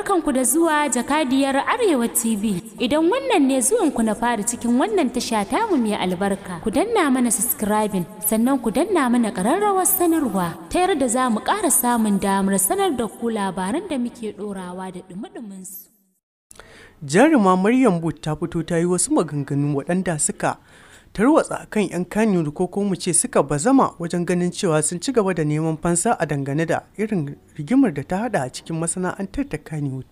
barkanku da zuwa jakadiyar Arewa TV. Idan wannan ne zuwanku na fara cikin wannan tasha tamu mai albarka, ku danna mana subscribing sannan ku danna mana ƙararrawar sanarwa ta yarda za mu ƙara samun damar sanar da ku labaran da muke ɗorawa da ɗumi su. Jaruma Maryam But ta fito ta yi wasu maganganu waɗanda suka tarwatsa kan 'yan kanyu ko ko mu ce suka bazama wajen ganin cewa sun ci gaba da neman fansa a dangane da irin rigimar da ta hada a cikin masana'antar ta kaniyar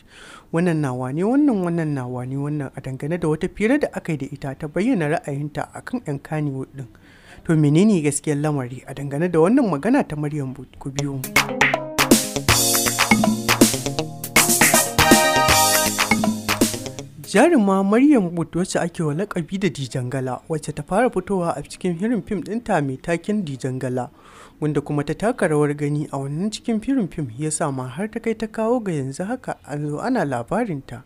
wannan nawa ne wannan wannan nawa ne wannan a dangane da wata fira da aka yi da ita ta bayyana ra'ayinta a kan 'yan kaniyar din to menene gaskiyar lamari a dangane da wannan magana ta maryam ku biyo jaruma maryam wood wacce ake wa lakabi da dijangala wacce ta fara fitowa a cikin hirin fim ɗinta mai takin dijangala wanda kuma ta taka rawar gani a wannan cikin firin fim ya sama har ta kai ta kawo ga yanzu haka an zo ana labarinta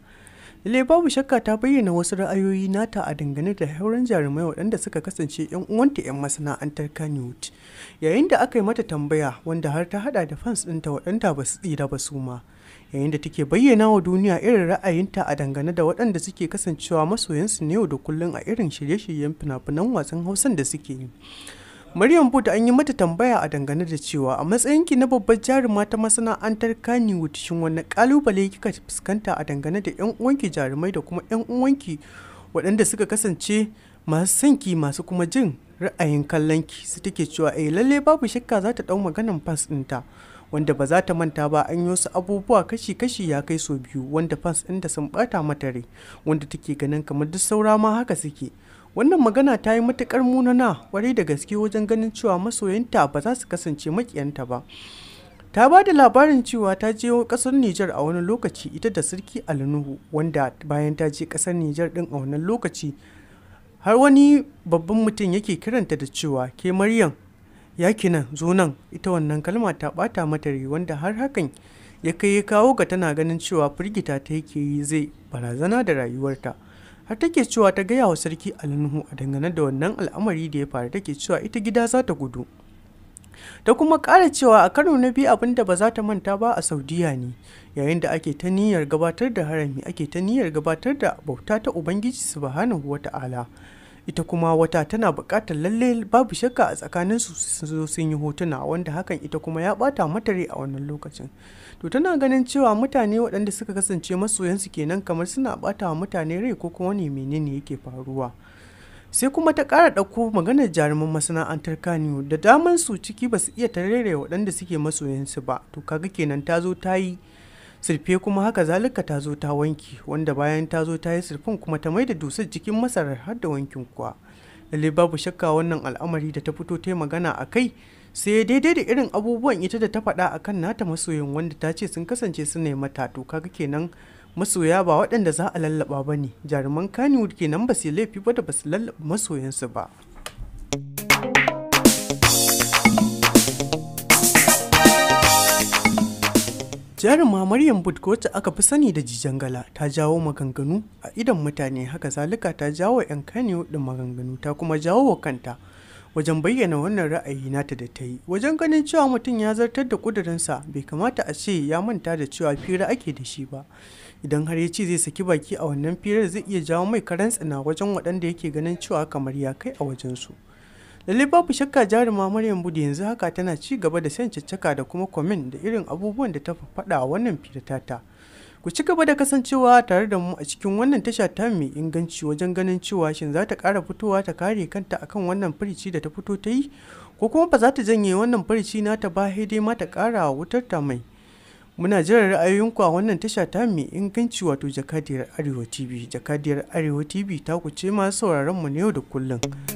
Ile babu shakka ta bayyana wasu ra'ayoyi nata a dangane da hauren jarumai waɗanda suka kasance 'yan uwanta 'yan masana'antar Kannywood. Yayin da aka yi mata tambaya wanda har ta hada da fans ɗinta waɗanda ba su tsira ba su ma. yayin da take bayyana wa duniya irin ra'ayinta a dangane da waɗanda suke kasancewa masoyansu ne yau da kullum a irin shirye-shiryen fina-finan wasan hausan da suke yi maryam bud an yi mata tambaya a dangane da cewa a matsayinki na babbar jaruma ta masana'antar kannywood shin wani kalubale kika fuskanta a dangane da yan uwanki jarumai da kuma yan uwanki waɗanda suka kasance masu sanki masu kuma jin ra'ayin kallonki su take cewa eh lalle babu shakka za ta ɗau maganan fans ɗinta wanda ba za ta manta ba an yi wasu abubuwa kashi-kashi ya kai so biyu wanda fans ɗin da sun ɓata mata rai wanda take ganin kamar duk saura ma haka suke wannan magana ta yi matuƙar munana kwarai da gaske wajen ganin cewa masoyinta ba za su kasance makiyanta ba ta ba da labarin cewa ta je kasar Nijar a wani lokaci ita da sarki Alinuhu wanda bayan ta je kasar Nijar din a wannan lokaci har wani babban mutum yake kiranta da cewa ke Maryam yaki nan zo nan ita wannan kalma ta bata mata rai wanda har hakan ya kai ya kawo ga tana ganin cewa firgita ta yake yi zai barazana da rayuwarta har take cewa ta gaya wa sarki alnuhu a dangane da wannan al'amari da ya faru take cewa ita gida za ta gudu ta kuma ƙara cewa a karo na biyu abin da ba za ta manta ba a saudiya ne yayin da ake ta niyyar gabatar da harami ake ta niyyar gabatar da bauta ta ubangiji subhanahu wata'ala ala. ita kuma wata tana buƙatar lalle babu shakka a tsakanin su zo sun yi hotuna wanda hakan ita kuma ya bata matare a wannan lokacin to tana ganin cewa mutane waɗanda suka kasance su kenan kamar suna bata wa mutane rai ko kuma wani menene yake faruwa sai kuma ta ƙara ɗauko maganar jaruman masana'antar kaniyo da daman su ciki ba su iya tarere waɗanda suke su ba to kaga kenan ta zo ta yi sirfe kuma haka zalika ta zo ta wanki wanda bayan ta zo ta yi sirfin kuma ta mai da dusar jikin masarar har da wankin kuwa lalle babu shakka wannan al'amari da ta fito ta yi magana a kai sai daidai da irin abubuwan ita da ta faɗa a kan nata masoyin wanda ta ce sun kasance su nema to kaga kenan masoya ba waɗanda za a lallaba ba ne jaruman kaniwood kenan ba su laifi ba da ba su lallaba masoyansu ba ma maryam bud wacce aka fi sani da jijangala ta jawo maganganu a idan mutane haka zalika ta jawo 'yan kaniyo da maganganu ta kuma jawo wa kanta wajen bayyana wannan ra'ayi nata da ta yi wajen ganin cewa mutum ya zartar da kudurinsa bai kamata a ce ya manta da cewa fira ake da shi ba idan har ya ce zai saki baki a wannan firar zai iya jawo mai karantsina wajen waɗanda yake ganin cewa kamar ya kai a wajensu. su lalle babu shakka jaruma maryam budu yanzu haka tana ci gaba da san caccaka da kuma kwamin da irin abubuwan da ta faɗa a wannan fitatata ku ci gaba da kasancewa tare da mu a cikin wannan tasha ta mai inganci wajen ganin cewa shin za ta ƙara fitowa ta kare kanta akan wannan firici da ta fito ta yi ko kuma ba za ta janye wannan firici nata ba dai ma ta ƙara wutar ta mai muna jiran ra'ayoyinku a wannan tasha ta mai inganci wato jakadiyar arewa tv jakadiyar arewa tv ta kuce masu sauraron mu na yau da kullum